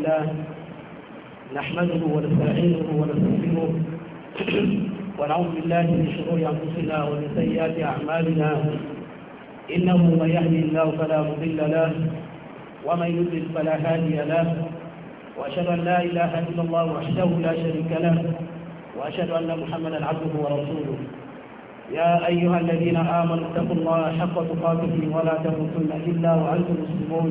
الله نحمده ونستعينه ونستغفره ونعوذ بالله من شرور انفسنا ومن سيئات اعمالنا انه من يهدي الله فلا مضل له ومن يضلل فلا هادي له واشهد ان لا اله الا الله وحده لا شريك له واشهد ان محمدا عبده ورسوله يا أيها الذين آمنوا اتقوا الله حق تقاته ولا تموتن إلا وأنتم مسلمون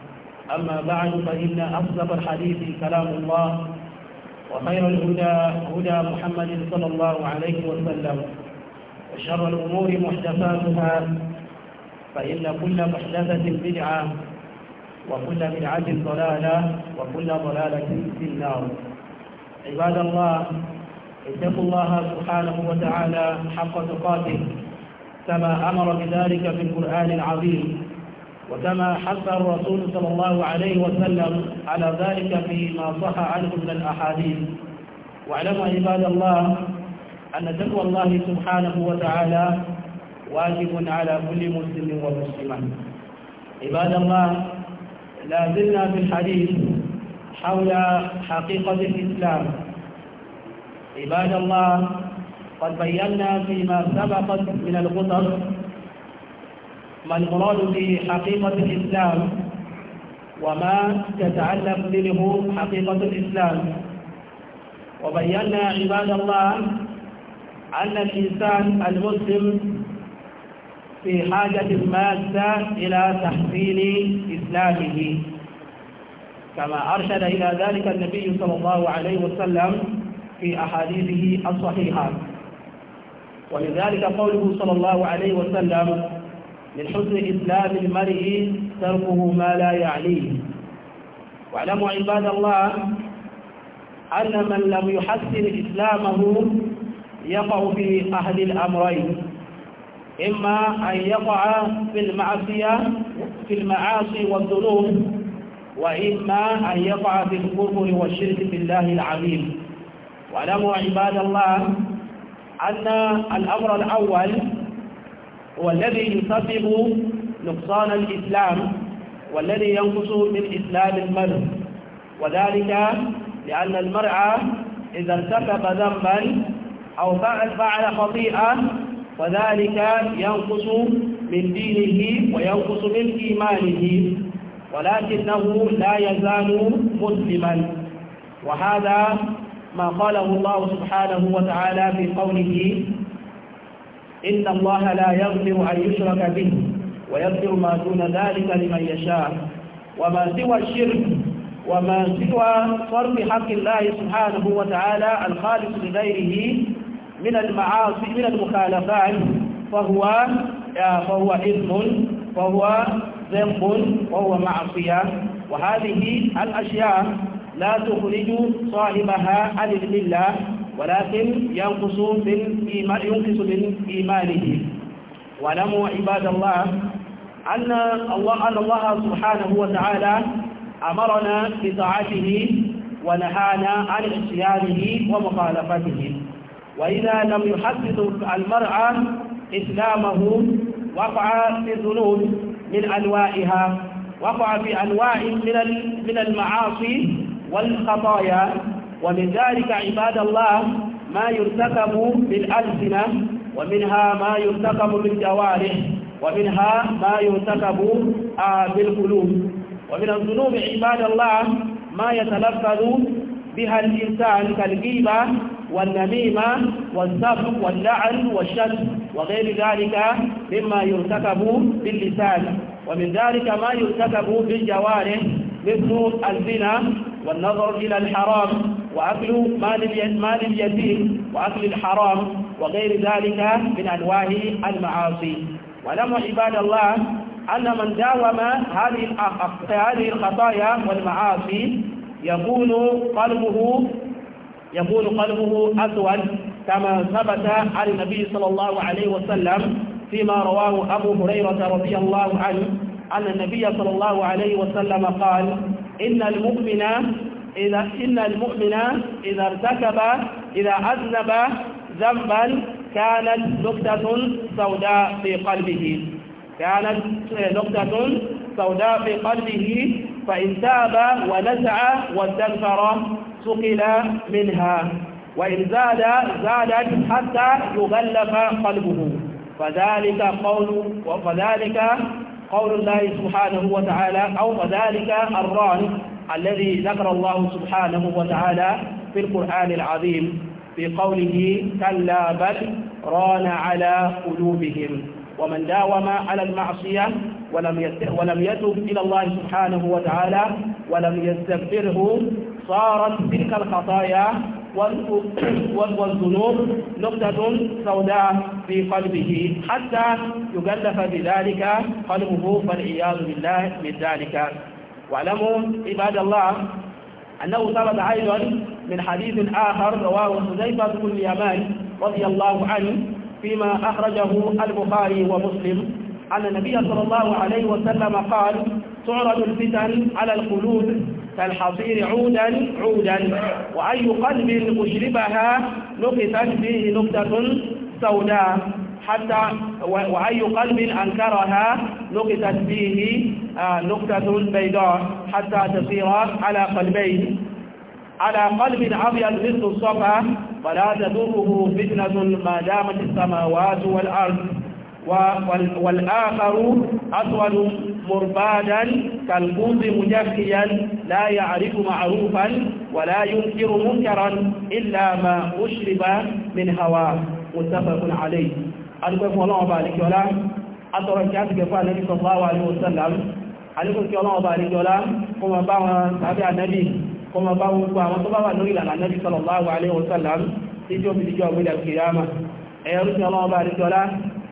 أما بعد فإن أصدق الحديث كلام الله وخير الهدى هدى محمد صلى الله عليه وسلم وشر الأمور محدثاتها فإن كل محدثة بدعة وكل بدعة ضلالة وكل ضلالة في النار عباد الله اتقوا الله سبحانه وتعالى حق تقاته كما أمر بذلك في القرآن العظيم وكما حث الرسول صلى الله عليه وسلم على ذلك فيما صح عنه من الأحاديث واعلموا عباد الله أن تقوى الله سبحانه وتعالى واجب على كل مسلم ومسلمة عباد الله لا زلنا في الحديث حول حقيقة الإسلام عباد الله قد بينا فيما سبقت من الخطر ما المراد بحقيقة الإسلام وما تتعلق منه حقيقة الإسلام وبينا عباد الله أن الإنسان المسلم في حاجة ماسة إلى تحسين إسلامه كما أرشد إلى ذلك النبي صلى الله عليه وسلم في أحاديثه الصحيحة ولذلك قوله صلى الله عليه وسلم من حسن إسلام المرء تركه ما لا يعنيه واعلموا عباد الله أن من لم يحسن إسلامه يقع في أهل الأمرين إما أن يقع في المعصية في المعاصي والذنوب وإما أن يقع في الكفر والشرك بالله العظيم واعلموا عباد الله أن الأمر الأول هو الذي يسبب نقصان الإسلام والذي ينقص من إسلام المرء وذلك لأن المرء إذا ارتكب ذنبا أو فعل فعل خطيئة وذلك ينقص من دينه وينقص من إيمانه ولكنه لا يزال مسلما وهذا ما قاله الله سبحانه وتعالى في قوله إن الله لا يغفر أن يشرك به ويغفر ما دون ذلك لمن يشاء وما سوى الشرك وما سوى صرف حق الله سبحانه وتعالى الخالص لغيره من المعاصي من المخالفات فهو آه، فهو إثم فهو ذنب وهو معصية وهذه الأشياء لا تخرج صاحبها عن الله ولكن ينقص من إيمان ينقص من إيمانه واعلموا عباد الله أن الله أن الله سبحانه وتعالى أمرنا بطاعته ونهانا عن عصيانه ومخالفته وإذا لم يحدث المرأة إسلامه وقع في الذنوب من أنواعها وقع في أنواع من من المعاصي والخطايا ومن ذلك عباد الله ما يرتكب بالألسنة ومنها ما يرتكب بالجوارح ومنها ما يرتكب آه، بالقلوب ومن الذنوب عباد الله ما يتلفظ بها الإنسان كالغيبة والنميمة والسب واللعن والشتم وغير ذلك مما يرتكب باللسان ومن ذلك ما يرتكب بالجوارح مثل الزنا والنظر إلى الحرام وأكل مال مال اليتيم وأكل الحرام وغير ذلك من أنواع المعاصي ولم عباد الله أن من داوم هذه هذه الخطايا والمعاصي يكون قلبه يكون قلبه أسود كما ثبت عن النبي صلى الله عليه وسلم فيما رواه أبو هريرة رضي الله عنه أن النبي صلى الله عليه وسلم قال إن المؤمن إذا إن المؤمن إذا ارتكب إذا أذنب ذنبا كانت نقطة سوداء في قلبه كانت نقطة سوداء في قلبه فإن تاب ونزع واستغفر سقل منها وإن زاد زادت حتى يغلف قلبه فذلك قول وفذلك قول الله سبحانه وتعالى أو فذلك الران الذي ذكر الله سبحانه وتعالى في القرآن العظيم بقوله كلا بل ران على قلوبهم ومن داوم على المعصية ولم ولم يتب إلى الله سبحانه وتعالى ولم يستغفره صارت تلك الخطايا والذنوب نقطة سوداء في قلبه حتى يغلف بذلك قلبه فالعياذ بالله من ذلك واعلموا عباد الله أنه ثبت أيضا من حديث آخر رواه حذيفة بن اليمان رضي الله عنه فيما أخرجه البخاري ومسلم أن النبي صلى الله عليه وسلم قال تعرض الفتن على القلوب كالحصير عودا عودا وأي قلب أشربها نقطت فيه نقطة سوداء حتى وأي قلب أنكرها نقطت فيه آه، نقطة بيضاء حتى تصير على قلبين على قلب أبيض مثل الصفا فلا تذوقه فتنة ما دامت السماوات والأرض والآخر أطول مربادا كالبوز مجفيا لا يعرف معروفا ولا ينكر منكرا إلا ما أشرب من هواه متفق عليه أدوك الله بارك ولا أدوك كاتك فالنبي صلى الله عليه وسلم أدوك الله بارك ولا كما باوا تابع النبي كما باوا كما باوا نويل على النبي صلى الله عليه وسلم تجوب تجوب إلى القيامة أيها الله بارك ولا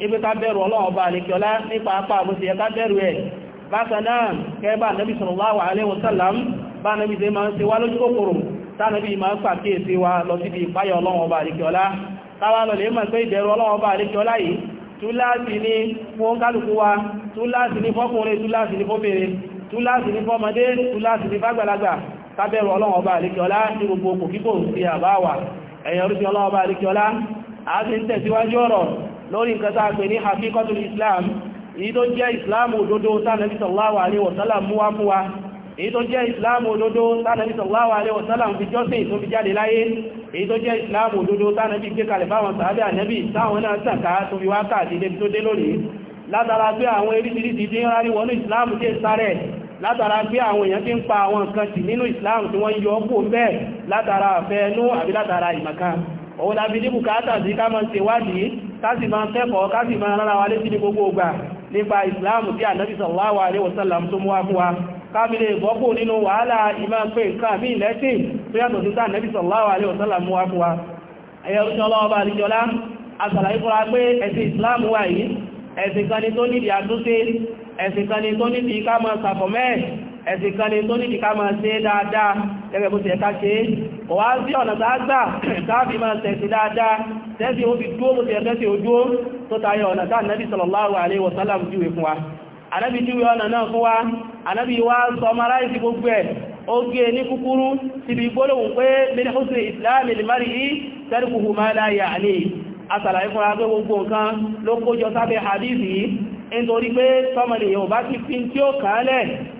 ibi ká bẹ̀rù ọlọ́ọ̀bá àlekíọlá nípa apá àbúsí ẹ̀ká bẹ̀rù ẹ̀ bákanáà kẹba nabi sallallahu alaihi wasallam bá nabi zai máa ń ṣe wá lójú kòkòrò tánàbí máa ń pàkíyèsí wa lọ sí ibi ìpáyà ọlọ́ọ̀bá àlekíọlá táwa lọ lè mọ̀ pé ìbẹ̀rù ọlọ́ọ̀bá àlekíọlá yìí túláàsì ní fún kálukú wa túláàsì ní fọ́kùnrin túláàsì ní fóbìnrin túláàsì ní fọ́mọdé túláàsì ní fágbàlagbà kábẹ̀rù ọlọ́ọ̀bá àlekíọlá sí àbáwà ẹ̀yàn orí a ti ń tẹ̀síwájú ọ̀rọ̀ lórí nǹkan tá a pè ní hakikatul islam èyí tó jẹ́ islam òdodo tánàbí sallallahu alaihi wasallam mú wá fún wa èyí tó jẹ́ islam òdodo tánàbí sallallahu alaihi wasallam fi jọ́sìn tó fi jáde láyé èyí tó jẹ́ islam òdodo tánàbí gbé kalẹ̀ báwọn sàábẹ́ ànẹ́bí táwọn náà tàkà tó fi wá káàkiri tó dé lónìí látara pé àwọn eríṣiríṣi tí ń rárí wọnú islam tí ń sáré látara pé àwọn èèyàn tí ń pa àwọn nǹkan tì nínú islam tí wọ́n yọ ọ́ kò bẹ́ẹ̀ látara àfẹ́ ẹnu àbí látara ìmọ̀kan òun lábi ní bùkátà sí ká máa ṣèwádìí kásì máa kẹ́kọ̀ọ́ kásì máa rárá wa létí ní gbogbo ìgbà nípa ìsìláàmù tí ànábì sallallahu alaihi wasallam tó mú wá fún wa kábílẹ̀ ìbọ́kù nínú wàhálà ìmá pé nǹkan mí lẹ́sìn tó yàtọ̀ sí tá ànábì sallallahu alaihi wasallam mú wá fún wa ẹ̀yẹrúṣọ́ ọlọ́ọba àríjọlá àṣàlàyé fúnra pé ẹ̀sìn ìsìláàmù wà yìí ẹ̀sìn kan ni tó nídìí àtúnṣe ẹ̀sìn kan ni tó nídìí ká máa sàfọ̀mẹ́ẹ̀ ẹ̀sìn kan lè tó nídìí ká máa ṣe dáadáa gẹ́gẹ̀ bó ṣe ká ṣe kò wá sí ọ̀nà tààgbà káàfi máa tẹ̀sí dáadáa tẹ́sí ó fi dúó bó ṣe ẹ̀kẹ́sì ojú tó tayọ ọ̀nà tá ànábì sallallahu alaihi wasallam júwe fún wa ànábì júwe ọ̀nà náà fún wa ànábì wá sọ mara ìsì gbogbo ẹ̀ ó gé e ní kúkúrú síbi gbólóhùn pé min husni islami limari tarkuhu ma la ya'ni asàlàyé fún agbé gbogbo nǹkan ló kójọ sábẹ́ hadith yìí nítorí pé tọ́mọlẹ̀ yóò bá ti fi tí ó kàálẹ̀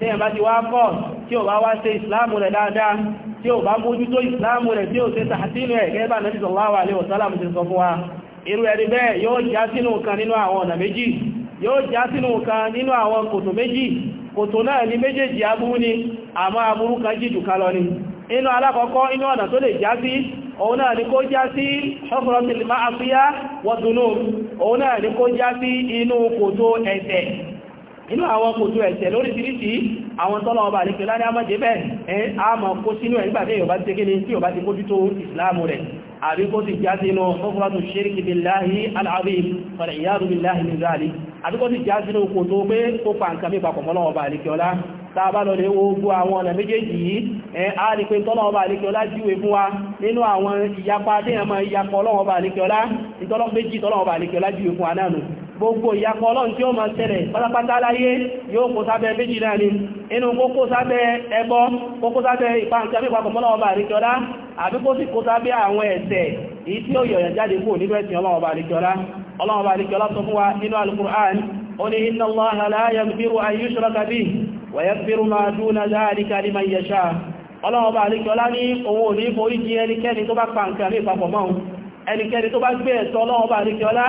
tẹ́yàn bá ti wá pọ̀ tí ò bá wá ṣe ìsìláàmù rẹ̀ dáadáa tí ò bá mójútó ìsìláàmù rẹ̀ tí ò ṣe tàhátínú ẹ̀ gẹ́gbà náà sallallahu alaihi wasallam ti sọ fún wa irú ẹni bẹ́ẹ̀ yóò já sínú ni méjèèjì aburú ni àmọ́ aburú kan jíjù kan lọ ni inú alákọ̀ọ́kọ́ inú ọ̀nà ni kó já sí ṣọ́fọ́rọ́sílì máa fíyá wọ́dúnú òun ni kó já sí inú kòtò inú àwọn kòtò ẹ̀ṣẹ̀ lóríṣiríṣi àwọn tọ́lọ ọba àlekè láni a máa jẹ́ bẹ́ẹ̀ ẹ́ a máa kó sínú ẹ̀ nígbàtí yóò bá ti kéde tí yóò bá ti kójú tó ìsìláàmù rẹ̀ àbí kó ti já sínú ọkùnrátù billahi al-azim wal billahi min zalik àbí kó ti já sínú kòtò pé kó pa nǹkan mìí papọ̀ mọ́lọ́wọ́ ọba àlekè ọlá tàbá lọ lè wo ogun àwọn ọ̀nà méjèèjì yìí ẹ a rí pé tọ́lọ́wọ́ba àríkẹ́ọlá jíwe fún wa nínú àwọn ìyapa tí ẹ̀mọ̀ ìyapa ọlọ́wọ́ba àríkẹ́ọlá ìtọ́lọ́ méjì tọ́lọ́wọ́ba àríkẹ́ọlá jíwe fún wa gbogbo ìyapọ̀ ọlọ́run tí ó máa tẹ́lẹ̀ pátápátá láyé yóò kó sábẹ́ méjì náà ni inú kókó sábẹ́ ẹbọ kókó sábẹ́ ìpáǹkà mípapọ̀ mọ́lọ́wọ́ bá àríkíọ́lá si kó ní òun ò ní ẹnikẹ́ni tó bá ní ìpapọ̀ mọ́ ẹnikẹ́ni tó bá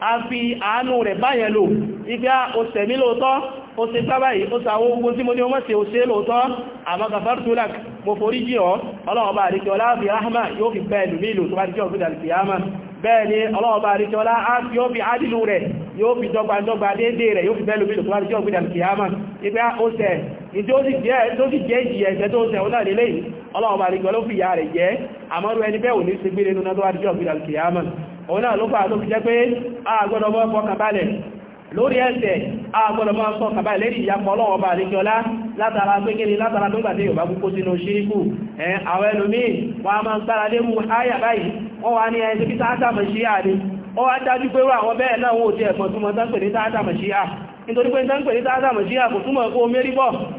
a fi àánú rẹ̀ báyẹn lò ibi a o tẹ̀mí lóòtọ́ o ṣe sábàáyì o sàwọn ogun tí mo ní ọmọ sí o ṣe lóòtọ́ àmọ́ gafartulak mo forí jí ọ ọlọ́ọ̀bá àríkẹ́ ọlá fi rahma yóò fi bẹ́ẹ̀ lùmí ìlú tó bá jẹ́ òfin alfiyama bẹ́ẹ̀ ni ọlọ́ọ̀bá àríkẹ́ ọlá yóò fi ádìlú rẹ̀ yóò fi dọ́gbàdọ́gbà déédé rẹ̀ yóò fi bẹ́ẹ̀ lùmí ìlú tó bá jẹ́ àmọ́rú ẹni bẹ́ẹ̀ ò ní ṣe gbére tó bá jẹ́ òfin alfiyama òun náà ló fà ló fi jẹ́ pé àgbọ́dọ̀ mọ́ fọkàn balẹ̀ lórí ẹ̀ṣẹ̀ àgbọ́dọ̀ mọ́ fọkàn balẹ̀ lẹ́yìn ìyapọ̀ ọlọ́wọ́ bá àríkíọlá látara pé kí ni látara tó gbàdé yorùbá púpọ̀ sínú ṣíríkù ẹ̀ àwọn ẹlòmíì wọn a máa ń gbára lé mú áyà báyìí wọn wà ní ẹni títà àtàmọ̀ sí àdé ó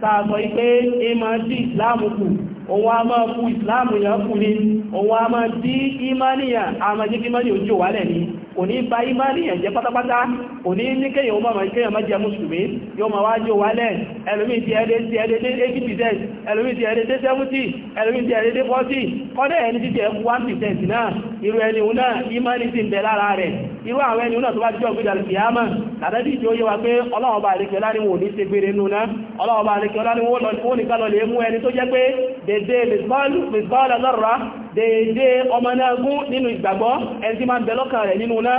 sáàtọ̀ ipé ìmọ̀ sí ìsìláàmù kù òun a máa kú ìsìláàmù yàn kù ní òun a máa dí ìmánìyàn a máa jẹ́ kí mọ́nìyàn ojú wálẹ̀ ní kò ní bá ìmánìyàn jẹ́ pátápátá kò ní ní kéyàn ó máa kéyàn má jẹ́ mùsùlùmí yóò máa wájú wálẹ̀ ẹlòmíì ti ẹ̀rẹ́ irú àwọn ẹni náà tó bá jọ gbéjà kìyàmà tàbí ìjọ yíwa pé ọlọ́ọ̀bá àríkẹ́ láni wọn ò ní ṣe gbére núná ọlọ́ọ̀bá àríkẹ́ láni wọn nìkan lọ lè mú ẹni tó jẹ́ pé dédé ọmọ náà gún nínú ìgbàgbọ́ ẹni tí máa ń rẹ̀ nínú náà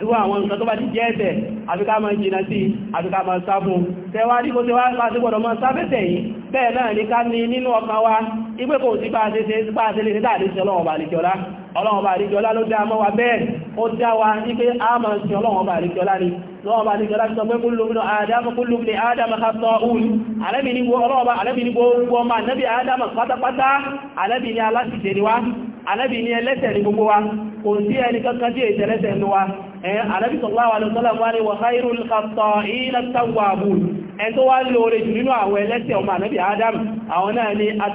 irú àwọn nǹkan tó bá ti jẹ́ ẹ̀tẹ̀ àfikà máa jìnà sí àfikà máa sáfún tẹwàá díkò tí wọ́n láti gbọ́dọ̀ máa sáfẹ́tẹ̀ yìí bẹ́ẹ̀ náà ní ká ní nínú ọkàn wa ipé kò sí bá a ṣe ṣe bá a ṣe lè ṣe dáadé ṣe ọlọ́wọ́ bá lè jọlá ọlọ́run ọba àríkíọlá ló dá mọ́ wa bẹ́ẹ̀ ó dá wa ní pé a máa ń sin ọlọ́run ọba àríkíọlá ni lọ́wọ́ ọba àríkíọlá sọ pé kúlù mínú àdámà kúlù mínú àdámà ká sọ òun alẹ́bí ní gbogbo ọmọ ànábì àdámà pátápátá alẹ́bí ní aláṣìṣe ni wá alẹ́bí ní ẹlẹ́ṣẹ̀ ni gbogbo wa kò sí ẹni kankan tí èsì ẹlẹ́ṣẹ̀ ni wa alẹ́bí sallallahu alaihi àwọn ẹlẹ́ṣẹ̀ ọmọ ànábì àdámà àwọn náà ni at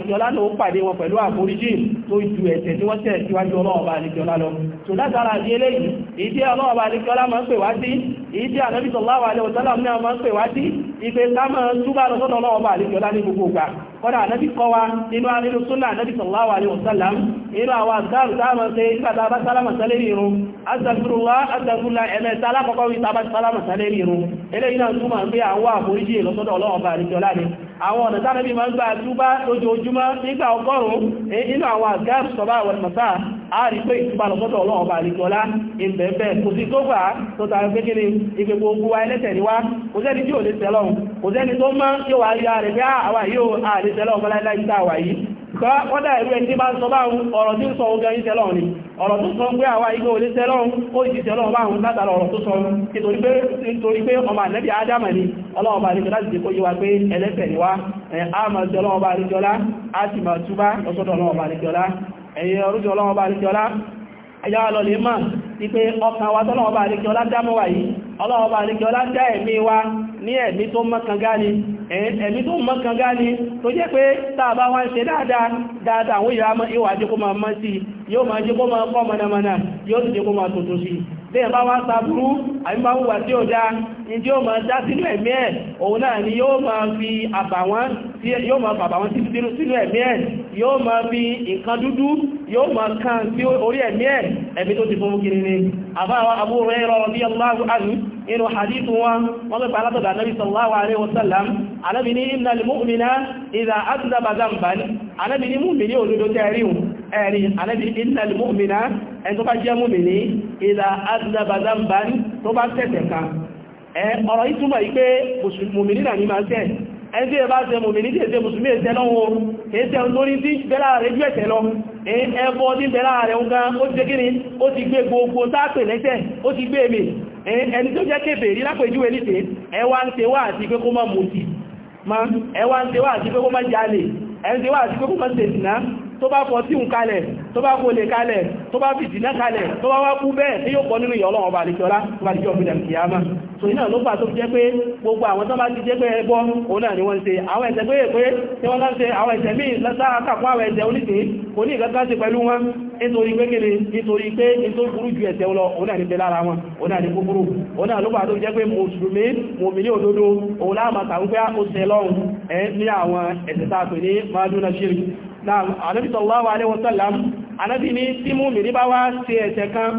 àlejọ́lá ló pàdé wọn pẹ̀lú àforíjì tó ju ẹ̀ṣẹ̀ tí wọ́n ṣẹ̀ síwájú ọlọ́ọ̀bá àlejọ́lá lọ tó látara di eléyìí ìdí ọlọ́ọ̀bá àlejọ́lá máa ń pè wá sí ìdí ànábìsọ̀láwà àlejọ́lá máa ń pè wá sí ìpè ká máa túbà lọ́sọ́dọ̀ ọlọ́ọ̀bá àlejọ́lá ní gbogbo ìgbà kọ́dà ànábì kọ́ wa nínú nínú súnà ànábì sallallahu alaihi wasallam nínú àwọn àgbàrù táàmà ṣe nígbàtà bá sálámà sálẹ́rì irun astaghfirullah astaghfirullah ẹ̀mẹ́ta alákọ̀ọ́kọ́ wí tàbá sálámà sálẹ́rì irun eléyìí náà túnmà pé àwọn àforíjì lọ́sọ́dọ̀ ọlọ́run bá àríkẹ́ ọlá ni àwọn ọ̀nà tánàbí máa ń gbà túbá lójoojúmọ́ nígbà ọgọ́rùn-ún e- àwọn àgbàrù sọ́bà wal a rí pé ìtúbàlọ́sọ́tọ̀ ọlọ́run ọba àríkọlá ìbẹ̀ẹ̀bẹ̀ kò sí tó gbà tó tàbí pé kí ni ìgbè gbogbo wa ẹlẹ́ṣẹ̀ ni wá kò sẹ́ni tí ò lè tẹ́lọ́run kò sẹ́ni tó mọ́ yóò wá rí ààrẹ pé àwà yóò ààrẹ tẹ́lọ́run ah, láìláì tá àwà yìí wọ́n dá ẹ̀rú ẹni tí bá ń sọ báhùn ọ̀rọ̀ tí ń sọ ogun ẹni tẹ́lọ́run ni ọ̀rọ̀ tó sọ pé àwa igbó olè tẹ́lọ́run ó ìjì tẹ́lọ́run báhùn látara ọ̀rọ̀ tó sọ nítorí pé ọmọ ànẹ́bí Ádámà ni ọlọ́ọ̀bá àríjọlá ti kó ẹ̀yìn ọrụ jọla bá àríkíọlá ẹjá lọ lè máa ti pé ọkàn wa tọ́lọ́wọ́ bá àríkíọlá dámọ́ wà yìí ọlọ́wọ́ bá àríkíọlá dá ẹ̀mí wa ní ẹ̀mí tó ni ẹ̀mí tó tó jẹ́ pé tàbá ṣe dáadáa dáadáa àwọn bẹ́ẹ̀ bá wá sàbúrú àbí bá wùwà tí ó dá in tí ó ma dá sínú ẹ̀mí ẹ̀ òun náà ni yóò ma fi àbàwọ́n tí yóò ma fàbàwọ́n sínú ẹ̀mí ẹ̀ yóò ma fi nǹkan dúdú yóò ma kan sí orí ẹ̀mí ẹ̀ ẹ̀mí tó ti fún kiri ni àbáwọ́ Abu Hurairah radiyallahu anhu inú hadithu wọn wọ́n pẹ̀lú alátọ̀dà anábi sallallahu alaihi wasallam anábi ní innal mu'mina idha adhnaba dhanban anábi ní mu'mini olódó tẹ́ríun ẹ̀rin alẹ́bí innal mu'mina ẹni tó bá jẹ́ múmìnì ìlà adúlábàdàmbán tó bá tẹ̀tẹ̀ kan ẹ ọ̀rọ̀ yìí túnmọ̀ yìí pé múmìnì náà ní máa tẹ̀ ẹni tí ẹ bá tẹ múmìnì tí èsẹ mùsùlùmí èsẹ lọ́wọ́ èsẹ lórí tí bẹ́lá rẹ̀ jú ẹ̀sẹ̀ lọ ẹbọ ní bẹ́lá rẹ̀ ń gan ó ti jẹ́ kíni ó ti gbé gbogbo tápẹ̀ lẹ́sẹ̀ ó ti gbé èmì ẹni tó jẹ́ kèfèrí lápẹ̀jú ẹlítẹ̀ ẹwà ń tẹwà àti pé kó má mutí ẹwà ń tẹwà àti pé kó má jalè ẹni tẹwà àti pé kó má ṣèsìná tó bá fọ́ tí ń kalẹ̀ tó bá kólé kalẹ̀ tó bá fi jìnà kalẹ̀ tó bá wá kú bẹ́ẹ̀ tí yóò pọ̀ nínú ìyọ́lọ́ ọba àlejọ́lá tó bá jọ gbìdà kìyàmá so iná ló fà tó jẹ́ pé gbogbo àwọn tó bá ti jẹ́ pé ẹbọ òun náà ni wọ́n ṣe àwọn ẹ̀ṣẹ̀ pé pé tí wọ́n láti ṣe àwọn ẹ̀ṣẹ̀ míì lọ́sára kàkún àwọn ẹ̀ṣẹ̀ oníṣẹ́ kò ní ìgbàgbà sí pẹ̀lú wọn nítorí pé kéré nítorí pé nítorí burú ju ẹ̀ṣẹ̀ lọ òun náà ní bẹ lára wọn òun náà ní kúkúrú òun náà ló fà tó jẹ́ pé mùsùlùmí mùmí ẹ̀ ní àwọn ẹ̀ṣẹ̀ tá a pè ní máa dúnà ṣírí Ànábì sallallahu alaihi wasallam Ànábì ní tí mú mìírí bá wá ṣe ẹ̀ṣẹ̀ kan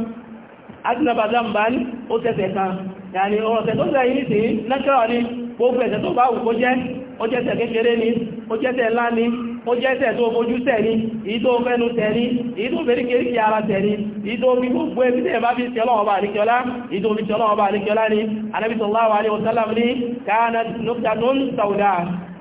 adínàbà zamban ó tẹ́ṣẹ̀ kan yàní ọ̀rọ̀sẹ̀ tó sẹ́yìn ní sí nẹ́kẹ́rọ̀ ní gbogbo ẹ̀ṣẹ̀ tó bá wù kó jẹ́ ó jẹ́ṣẹ̀ ó jẹ́ ẹ̀ṣẹ̀ tó fojú tẹ̀ ní ìdó fẹ́nu tẹ̀ ní ìdó fẹ́ríkèríkè ara tẹ̀ ní ìdó fi gbogbo ẹbí tẹ̀ bá fi ṣe ọlọ́wọ́ bá àríkẹ́ọlá ìdó fi ṣe ọlọ́wọ́ bá àríkẹ́ọlá ní Ànábì sallallahu alaihi wasallam ní kanat nuktatun sauda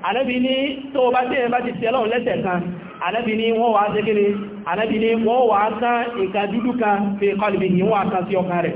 Ànábì ní tó bá tẹ̀ bá ti ṣe ọlọ́wọ́ lẹ́sẹ̀ kan Ànábì ní wọ́n wá ṣe kéré Ànábì ní wọ́n wá kán ìka dúdú kan fi qalbihi wọ́n wá kán sí ọkàn rẹ̀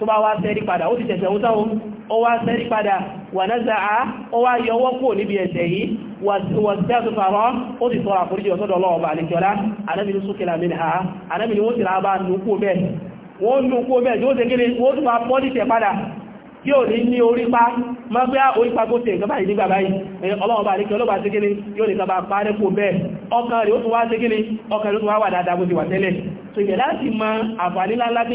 tó bá wá sẹ́rí padà ó ti tẹ̀sẹ̀ ó sáwọn ó wá sẹ́rí padà wà náà za'a ó wá yọwọ́ kò níbi ẹ̀sẹ̀ yìí wà tẹ́sù fàárọ́ ó ti tọrọ àforíjì ọ̀sọ́dọ̀ ọlọ́ọ̀bà àlejọ́lá anábìnrin súnkìlà mìíràn anábìnrin wọ́n ti rà bá tí ò ní ní orípa ma bí á orípa kó tẹ ìgbàbáyì ní gbàbáyì ọlọ́ọ̀bá àríkẹ́ ọlọ́bà tí kíní yóò lè kọba parẹ́ kò bẹ́ẹ̀ ọkàn rẹ̀ ó tún wá tí kíní ọkàn rẹ̀ ó tún wá wà dáadáa bó ti wà tẹ́lẹ̀ so ìgbẹ̀ láti ma àǹfààní láńlá tí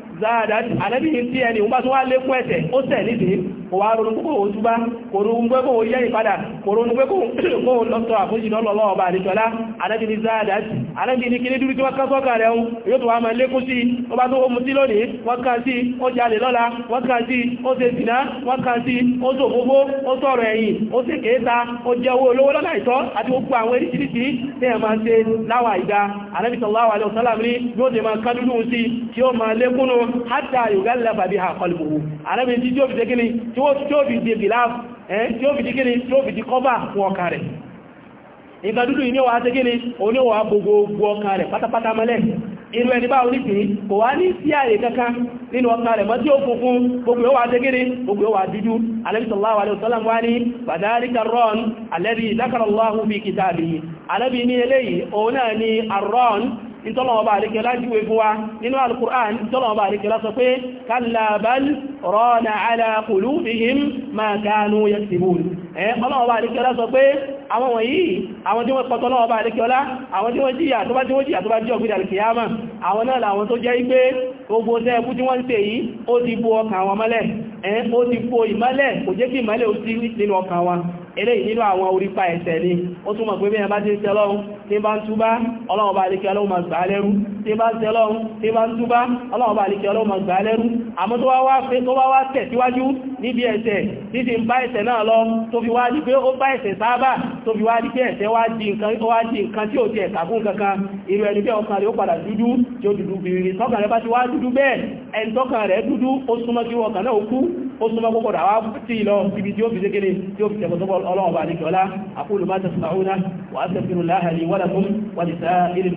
záàdán ànábì ní tí ẹni òun bá tún wá lékún ẹ̀ṣẹ̀ ó ṣẹ̀ nídìí kò wá ronú pé kò túbá kò ronú pé kò yẹ́ ìpadà kò ronú pé kò lọ́tọ̀ àfúnjì lọ́lọ́lọ́ ọba àdìjọ́lá ànábì ní záàdán ànábì ní kíní dúró tí wọ́n kán sọ́kà rẹ̀ ohun yóò tó wá mọ̀ lékún sí ó bá tó ó mutí lónìí wọ́n kàn sí ó jalè lọ́la wọ́n kàn sí ó ṣe hátà yóò fàbí àkọlùmù anábi tí tí ó fi dé kíni tí ó fi dé bìláàfù tí ó fi dé kíni tí ó fi dé kọ́bà fún ọkà rẹ̀ nǹkan dúdú yìí ní wà á tẹ́ kíni oníwà gbogbo ọkà rẹ̀ pátápátá mọ́lẹ̀ irú ẹni bá oníkìí kò wá ní sí ààrẹ kankan nínú ọkà rẹ̀ mọ́ tí ó funfun gbogbo ó wà tẹ́gẹ́rẹ́ gbogbo ó sallallahu alaihi wasallam wá ní fadhalika rọ́n alladhi dhakara Allahu fi kitabihi Ànábì ní eléyìí òun ni arọ́n ìtọ́lọ̀wọ̀ bá àríkẹ́ lájúwé fún wa nínú al-Qur'an ìtọ́lọ̀wọ̀ bá àríkẹ́ lásọ pé kalla bal rana ala qulubihim ma kanu yaktubun ẹ̀ ọlọ́wọ̀ bá àríkẹ́ lásọ pé àwọn wọ̀nyí àwọn tí wọ́n pọ̀tọ́ lọ́wọ́ bá àríkẹ́ ọlá àwọn tí wọ́n jíyà tó bá tí wọ́n jíyà tó bá jí ọ̀gbìdà kìyàmà àwọn náà eléyìí nínú àwọn orípa ẹ̀ṣẹ̀ ni ó túnmọ̀ pé bíyàn bá ti ṣe lọ́run tí bá ń túbá ọlọ́run bá alékẹ́ ọlọ́run máa gbà lẹ́rú tí bá ń ṣe lọ́run tí bá ń túbá ọlọ́run bá alékẹ́ ọlọ́run máa gbà lẹ́rú àmọ́ tó wá pé tó wá tẹ̀síwájú níbi ẹ̀ṣẹ̀ títí ń bá náà lọ tó fi wá di ó bá ẹ̀ṣẹ̀ sáábà ti ẹ̀ka fún kankan ẹni ọkàn rẹ̀ ó padà dúdú tí ó dúdú ó súnmọ́ púpọ̀ dàwà tí lọ ibi tí ó fi ṣe kéde tí ó fi tẹ̀kọ́ sọ́pọ̀ ọlọ́ọ̀bà àdíkọ́lá aqulu ma tasma'una wa astaghfirullaha li wa lakum wa lisa'iril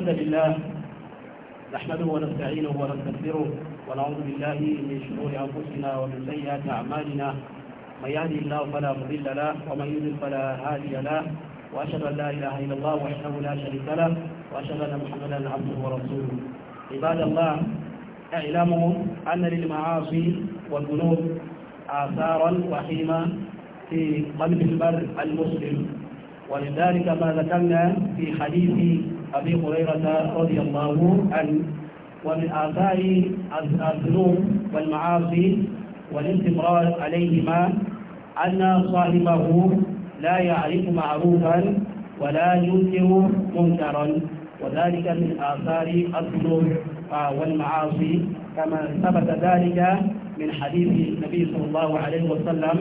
الحمد لله نحمده ونستعينه ونستغفره ونعوذ بالله من شرور أنفسنا ومن سيئات أعمالنا من يهدي الله فلا مضل له ومن يضلل فلا هادي له وأشهد أن لا إله إلا الله وحده لا شريك له وأشهد أن محمدا عبده ورسوله عباد الله اعلموا أن للمعاصي والذنوب آثارا وخيمة في قلب البر المسلم ولذلك ما ذكرنا في حديث أبي هريرة رضي الله عنه ومن آثار الذنوب والمعاصي والاستمرار عليهما أن صاحبه لا يعرف معروفا ولا ينكر منكرا وذلك من آثار الذنوب والمعاصي كما ثبت ذلك من حديث النبي صلى الله عليه وسلم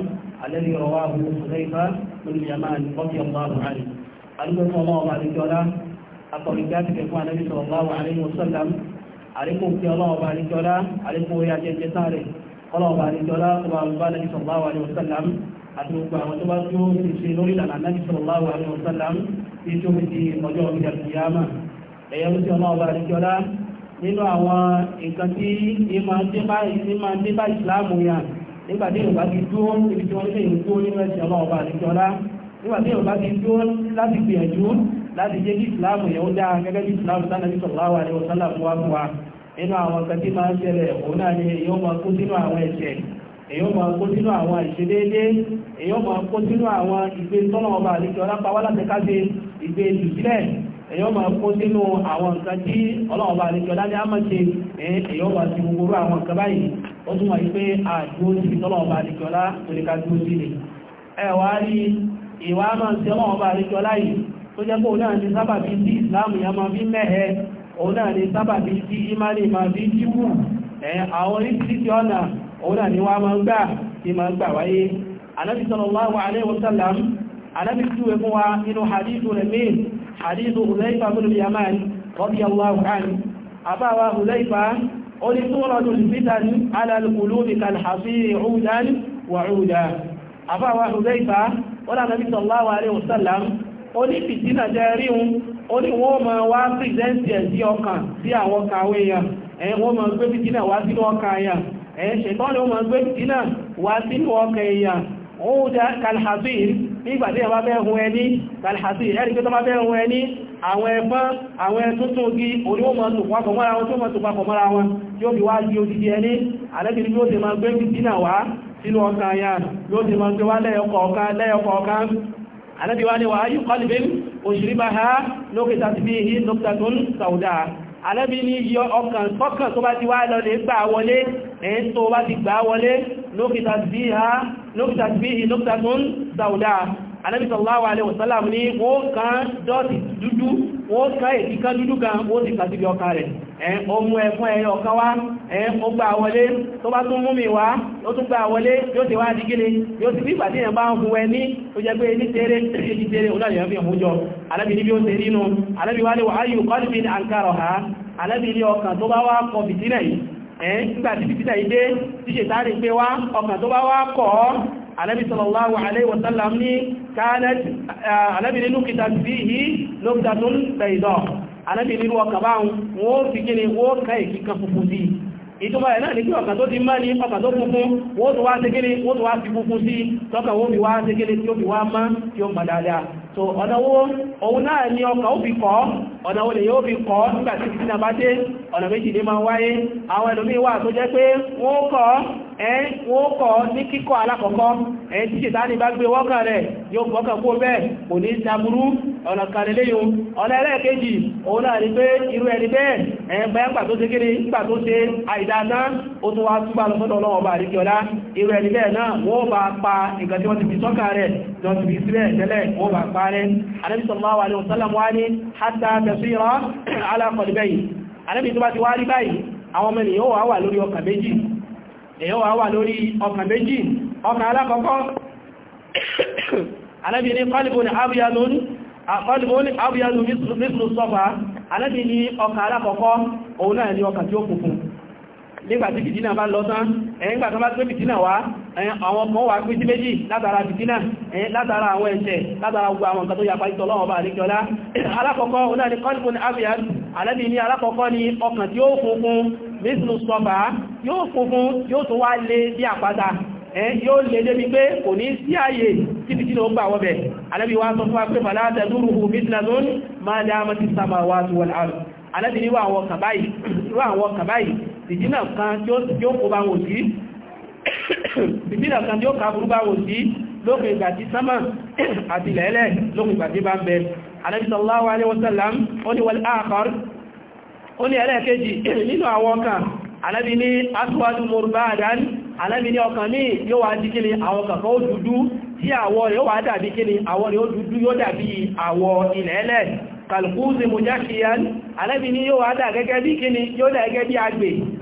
الذي رواه حذيفة بن اليمان رضي الله عنه. أنه الله عليه وسلم àtọ̀lùgbàtí kẹfún anábì sallallahu alaihi wasallam àríkún kí ọlọ́ọ̀bà àríjọ́lá àríkún orí ajẹ́jẹ́ sáré ọlọ́ọ̀bà àríjọ́lá ọba àrùbá anábì sallallahu alaihi wasallam àti gbogbo àwọn tó bá tí ó ti di ọjọ́ ìjà kìyàmà ẹ̀yẹ́ ló ti ọlọ́ọ̀bà àríjọ́lá nínú àwọn nǹkan tí ìmọ̀ dé bá ìsìláàmù yàn nígbà tí Yorùbá ti dúró ibi tí wọ́n lè dúró nínú ẹ̀sìn ọlọ́ọ̀bà àríjọ́lá nígbàtí yóò bá ti dúró láti gbìyànjú láti jẹ́ kí ìsìláàmù yẹn ó dáa gẹ́gẹ́ bí ìsìláàmù sáà nàbí sallallahu alaihi wasallam wá fún wa nínú àwọn kan tí máa ń ṣẹlẹ̀ òun náà ni èyí ó máa kó sínú àwọn ẹ̀ṣẹ̀ èyí ó máa kó sínú àwọn ìṣedéédé èyí ó máa kó sínú àwọn ìgbé tọ́nà ọba àlejò ọlápàá láti káṣe ìgbé ìdùsílẹ̀ èyí ó máa kó sínú àwọn nǹkan tí ọlọ́ọ̀ba àlejò ọlá ní á máa ṣe èyí ó máa ti gbogbo àwọn nǹkan báyìí ó túmọ̀ yìí pé àdúró níbi tọ́nà ọba àlejò ọlá kò lè ká dúró sí ìwà máa ṣe ọlọ́wọ́ bá rí jọ láyìí tó jẹ́ pé òun náà ni sábàbí tí ìsìláàmù ya máa bí mẹ́ẹ̀ òun náà ni sábàbí tí ìmánì máa bí jíwù àwọn oríṣiríṣi ọ̀nà òun náà ni wá máa ń gbà tí máa ń gbà wáyé anábì sallallahu alaihi wasallam anábì júwe fún wa nínú hadithu rẹ̀ mí ní suratul fitan ala al-qulubi kal-hasiri 'udan wọ́n náà nàbí sallallahu alaihi wasallam ó ní fìtínà jẹ́ ríhun ó ní wọ́n máa wá pìrìsẹ́ǹtì ẹ̀ sí ọkàn sí àwọn ọkàn àwọn èèyàn ẹ̀ wọ́n máa gbé fìtínà wá sínú ọkàn èèyàn ẹ̀ ṣẹ̀tọ́ ni wọ́n máa gbé fìtínà wá sínú ọkàn èèyàn ó dá kalhazir nígbàtí ẹ̀bá bẹ́ hun ẹni kalhazir ẹ̀rí pé tó bá bẹ́ hun ẹni àwọn ẹ̀fán àwọn ẹ̀túntún ogi oníwọ́n máa tò papọ̀ mọ́ra wọn tó máa tò papọ̀ mọ́ra wọn tí ó fi wá di odidi ẹni alẹ́bìnrin bí ó ti máa gbé fìtínà wá sínú ọkà ya yóò ti máa ń gbéwá lẹ́yọkọ̀ọ̀kan lẹ́yọkọ̀ọ̀kan anábíwá ni wà á yíò kọlùbí òṣìrí bá ha lókè tàbí bí i dókítà tó ń sàúdà anábí ní yọ ọkàn tọ́kàn tó bá ti wá lọ lè gbà Ànábì sallallahu alaihi wasallam ní wọ́n kan dọ́tì dúdú wọ́n kan ìkíkan dúdú kan wọ́n ti kàtíbi ọkà rẹ̀ ẹ̀n ọmú ẹ̀fún ẹ̀yọ ọkà wá ẹ̀n ọgbà wọlé tó bá tún mú mi wá ó tún gbà wọlé yóò ti wá di gíní yóò ti fígbà tí ẹ̀ bá ń fún ẹ ní ó jẹ́ pé ní tẹ́rẹ ní tẹ́rẹ onáyẹ̀ fi mú jọ Ànábì ní bí ó tẹ́rí nù Ànábì wá ní wà áyù qalbin ankaraha Ànábì ní ọkàn tó bá wá kọ fìtínà yìí ẹ̀n nígbà tí fìtínà yìí dé tí ṣètàrí pé wá ọkàn tó anábì sallallahu alaihi wasallam ní kanat anábì ah, nínú kìtà sí ìhí lókùtàtún bẹ̀ìdọ̀ anábì nínú ọkàbá wọn fi kíni wọ́n ká ìkíkan funfun sí ìtumọ̀ ẹ̀ náà ní pé ọkà tó ti má ní ọkà tó funfun wọ́n tó wá sí kíni wọ́n tó wá fi funfun sí tọ́kà wọ́n fi wá sí kíni tí ó fi wá má tí ó mọ̀ dáadáa so ọ̀nà owó òun náà ni ọkà ó fi kọ́ ọ̀nà olè yóò fi kọ́ nígbàtí ìsinà bá dé ọ̀nà méjì ní máa wáyé àwọn ẹlòmíì wà tó jẹ́ pé wọ́n kọ́ ẹ̀yìn wọ́n kọ́ ní kíkọ́ alákọ̀ọ́kọ́ ẹ̀yìn tí ṣètàní bá gbé wọ́kàn rẹ̀ yóò gbọ́kàn kó bẹ́ẹ̀ kò ní ìsàbúrú ọ̀nà kanilẹ́yìn ọ̀nà ẹlẹ́ẹ̀kejì òun náà rí pé irú ẹni bẹ́ẹ̀ ẹ̀yìn bẹ́ẹ̀ pàtó ṣe kiri nígbà tó ṣe àìdáná ó tó wá túbà lọ sọ́dọ̀ ọlọ́wọ́ bá àríkẹ́ ọlá irú ẹni bẹ́ẹ̀ náà wọ́n àwọn ọmọ ènìyàn wà wà lórí ọkàn méjì e wà wà lórí ọkàn méjì ọkàn alákọ̀ọ́kọ́ alábi ní sọ́fà ní ọkàn alákọ̀ọ́kọ́ òun náà ni ọkàn tí ó kùnkùn nígbàtí fìtínà bá lọ tán ẹ̀yìn gbàtán bá tó wá àwọn ọmọ wà pín sí méjì látara látara àwọn ẹ̀ṣẹ̀ látara gbogbo àwọn tó bá alákọ̀ọ́kọ́ alẹ́bí ní alákọ̀ọ́kọ́ ni ọkàn tí ó funfun mísìlù sọba yóò funfun yóò tún wá lé bí àpáta yóò lè débi pé kò ní sí ààyè títí tí ó gbà wọ́bẹ̀ alẹ́bí wá sọ fún wa pé fàlá tẹ̀dúrùhù mísìlù máa lẹ́ àmọ́ ti sábà wá sí wọ́n àrùn alẹ́bí ní àwọn kàbáyì ìdínà kan lópin ìgbà tí sánmà àti ilẹ̀ẹ́lẹ̀ lópin ìgbà tí bá ń bẹ Ànábì sallallahu alaihi wasallam ó ní wal akhar ó ní ẹlẹ́ẹ̀kejì nínú àwọn ọkàn Ànábì ní aswadu murbadan Ànábì ní ọkàn ní yóò wá jí kíni àwọn kàkọ́ dúdú tí àwọ̀ rẹ̀ wà dàbí kíni àwọ̀ rẹ̀ ó dúdú yóò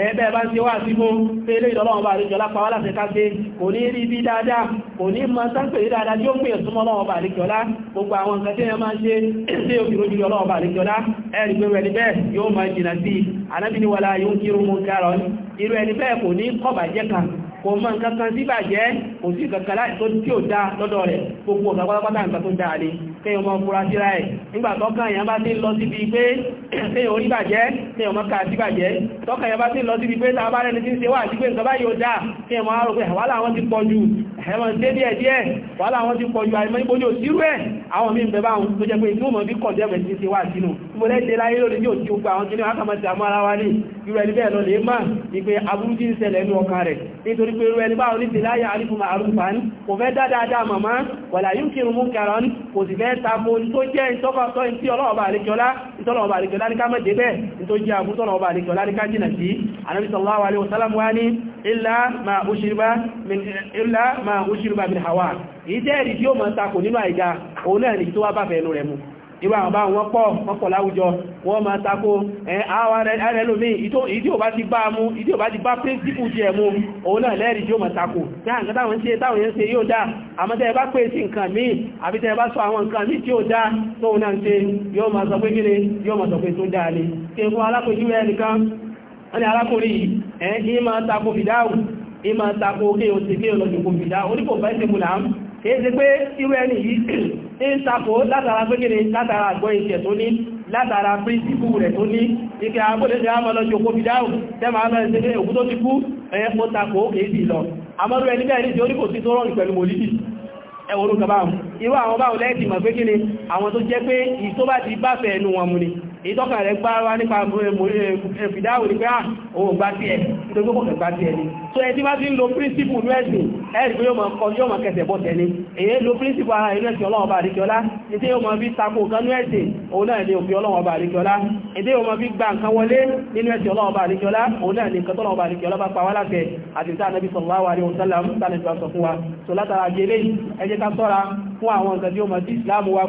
ẹ̀ẹ́bẹ́ bá ń ṣe wá sí fún pé ilé ìdọ́lọ́wọ́ bá àríkẹ́ ọlá pàwọ́ láti káṣe kò ní rí bí dáadáa kò ní mọ́ sáńpẹ̀ rí dáadáa tí ó pè súnmọ́ lọ́wọ́ bá àríkẹ́ ọlá gbogbo àwọn nǹkan tí ẹ máa kò mọ́ nǹkan kan sí bàjẹ́ kò sí kankan láti tó tí ò dá lọ́dọ̀ rẹ̀ gbogbo ọ̀gá pátápátá nǹkan tó dáa ni kéèyàn mọ́ fura síra ẹ̀ nígbà tọ́kàn èèyàn bá ti lọ síbi pé kéèyàn orí bàjẹ́ kéèyàn mọ́ ká sí bàjẹ́ tọ́kàn èèyàn bá ti lọ síbi pé tá a bá rẹni tí ń ṣe wà sí pé nǹkan báyìí ó dáa kéèyàn mọ́ á rò pé wàhálà wọn ti pọ̀ jù ẹ̀mọ̀ ṣe díẹ̀ díẹ̀ wàhálà wọn ti pọ̀ jù àìmọ́ ibo ní òsírú ẹ̀ àwọn míì bẹ̀bá àwọn tó jẹ́ pé inú mọ̀ pé irú ẹni báwọn níbi láyé àrífùmà àrùfàn kò fẹ́ dáadáa màmá wàlà yíò kí irun mú kẹrán kò sì fẹ́ tako tó jẹ́ ìtọ́kọ̀tọ́ tí ọlọ́ọ̀bà àríkọlá ìtọ́lọ̀ọ̀bà àríkọlá ní ká mọ́ débẹ̀ tó jẹ́ àbútọ́lọ̀ọ̀bà àríkọlá ní ká jìnà sí irú àwọn bá wọn pọ̀ pọ̀pọ̀ láwùjọ wọ́n máa tako àwọn arẹ́lómi ìdí ò bá ti bá mú ìdí ò bá ti bá píríncípù jẹ mú òun náà lẹ́rìí tí ó máa tako náà nǹkan táwọn ṣe táwọn yẹn ṣe yóò dá àmọ́tẹ́ bá pè sí nǹkan míì àbí tẹ́ bá sọ ni yóò máa sọ pé tó dáa ni kí n fún alákòjú ẹnìkan wọ́n ni alákòrí ẹ̀ ní máa kìí ṣe pé irú ẹni yìí ń sàkó látara gbégede látara àgbọ́ ìṣẹ̀ tó ní látara príncipù rẹ̀ tó ní ike agbóléṣe àmọ́lọ́jọ́ kó fi dáhùn tẹ́mà á lọ́ẹ̀ sílé òkú tó ti kú ẹ̀yẹ kó takò kìí sì lọ àmọ́rú ẹni bẹ́ẹ̀ ní tí orí kò sí ìtọ́ka rẹ̀ gbá wá nípa ìfìdáwò ní pé à ah, òun gbá tí ẹ̀ nítorí pọ́kẹ̀ gbá tí ẹ̀ ni so ẹ tí bá ti ń lo príncipù rẹ̀sìn ẹ̀rì pé yóò mọ̀ kẹsẹ̀ bọ́ tẹ̀lé èyí lo príncipù ara inú ẹ̀sìn ọlọ́wọ́ bá àríkíọlá ní tí yóò mọ̀ bí tako nǹkan ní ẹ̀sìn òun náà ni òfin ọlọ́wọ́ bá àríkíọlá èdè yóò mọ̀ bí gba nǹkan wọlé nínú ẹ̀sìn ọlọ́wọ́ bá àríkíọlá òun ni nǹkan tọ́lọ́wọ́ bá àríkíọlá bá pa wá láfẹ́ àti ìta ànábì wasallam tánàbí wa sọ wa so látara jẹ́lé ẹ jẹ́ ká ṣọ́ra fún sí ìsìláàmù wa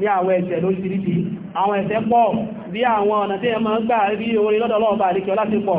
ní àwọn ẹ̀ṣẹ̀ lóríṣiríṣi àwọn ẹ̀ṣẹ̀ pọ̀ bí àwọn ọ̀nà tí ẹ máa ń gbà rí orí lọ́dọ̀ ọlọ́ọ̀bà àríkẹ́ ọlásìpọ̀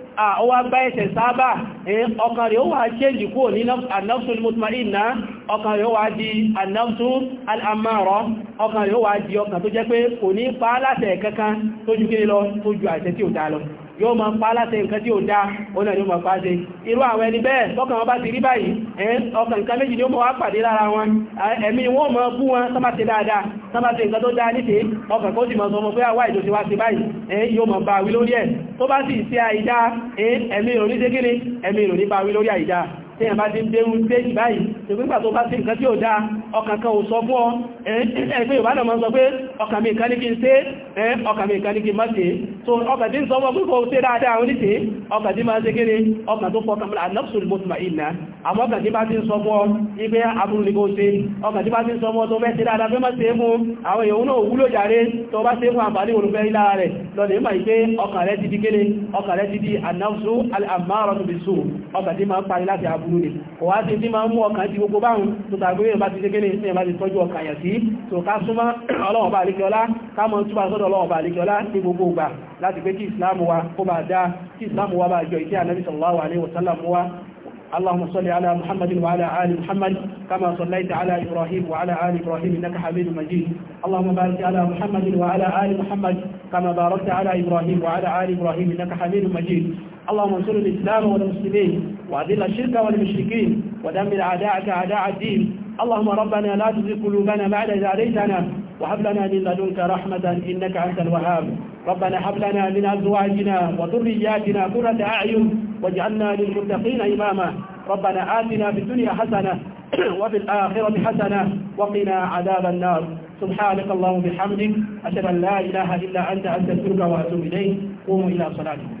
ọwá gbá ẹsẹ̀ sáábà ọkàn rẹ̀ ó wà ṣéjì kúrò ní annafsul mutma'inna ọkàn rẹ̀ ó wà di annafsul al'amara ọkàn rẹ̀ ó wà di ọkàn tó jẹ́ pé kò ní pa kankan tó ju kí lọ tó ju àṣẹ tí ó dá lọ yóò máa pa láti nǹkan tí ó dá ó náà ni ó máa pa ṣe irú àwọn ẹni bẹ́ẹ̀ lọ́kàn wọn bá ti rí báyìí ẹ̀yìn ọkàn nǹkan méjì ni ó máa wá pàdé lára wọn ẹ̀mí wọn máa bú wọn sọ́mà ti dáadáa sọ́mà ti nǹkan tó dá níṣe ọkàn kó sì máa sọ pé àwá ìdòṣe wá sí báyìí ẹ̀yìn yóò máa bá wí lórí ẹ̀ tó bá sì tí ẹ̀ bá dín dérú péjì báyìí tó gbígbà tó bá sí nǹkan tí ó dá ọkàn kan ò sọ fún ọ ẹgbẹ́ ìbádọ̀ mọ́ sọ pé ọkàn mi kan ní kí n ṣe ọkàn mi kan ní kí n má ṣe so ọkàn tí ń sọ fún kò ṣe dáadáa àwọn oníṣe ọkàn tí máa ṣe kéré ọkàn tó fọkàn mọ́lá nafsul mutma'inna àmọ́ ọkàn tí bá ti ń sọ fún ọ ibẹ́ aburú ni kò ṣe ọkàn tí bá ti ń sọ fún ọ tó fẹ́ ṣe dáadáa fẹ́ má ṣe fún àwọn èèyàn náà wúlò jàre tó bá ṣe fún àǹfààní olùfẹ́ rí lára rẹ̀ lọ́dẹ̀ mọ̀ ìpé ọkàn rẹ̀ ti di kéré ọkàn rẹ̀ ti di an lóde ọ̀wá ti tí máa ń mú ọkàn ti gbogbo báhùn tó tàbí èèyàn bá ti ṣégé ní ìsìn ìbá ti tọ́jú ọkàn yà sí tó ká súnmọ́ ọlọ́wọ̀n bá àlékiọlá ká sọ́dọ̀ ọlọ́wọ̀n bá ní gbogbo ìgbà láti pé اللهم صل على محمد وعلى آل محمد كما صليت على إبراهيم وعلى آل إبراهيم إنك حميد مجيد اللهم بارك على محمد وعلى آل محمد كما باركت على إبراهيم وعلى آل إبراهيم إنك حميد مجيد اللهم انصر الإسلام والمسلمين وأذل الشرك والمشركين ودمر أعداءك أعداء الدين اللهم ربنا لا تزغ قلوبنا بعد إذ هديتنا وهب لنا من لدنك رحمة إنك أنت الوهاب ربنا هب لنا من أزواجنا وذرياتنا قرة أعين واجعلنا للمتقين إماما ربنا آتنا في الدنيا حسنة وفي الآخرة حسنة وقنا عذاب النار سبحانك اللهم بحمدك أشهد أن لا إله إلا أنت أستغفرك وأتوب إليك قوموا إلى صلاتكم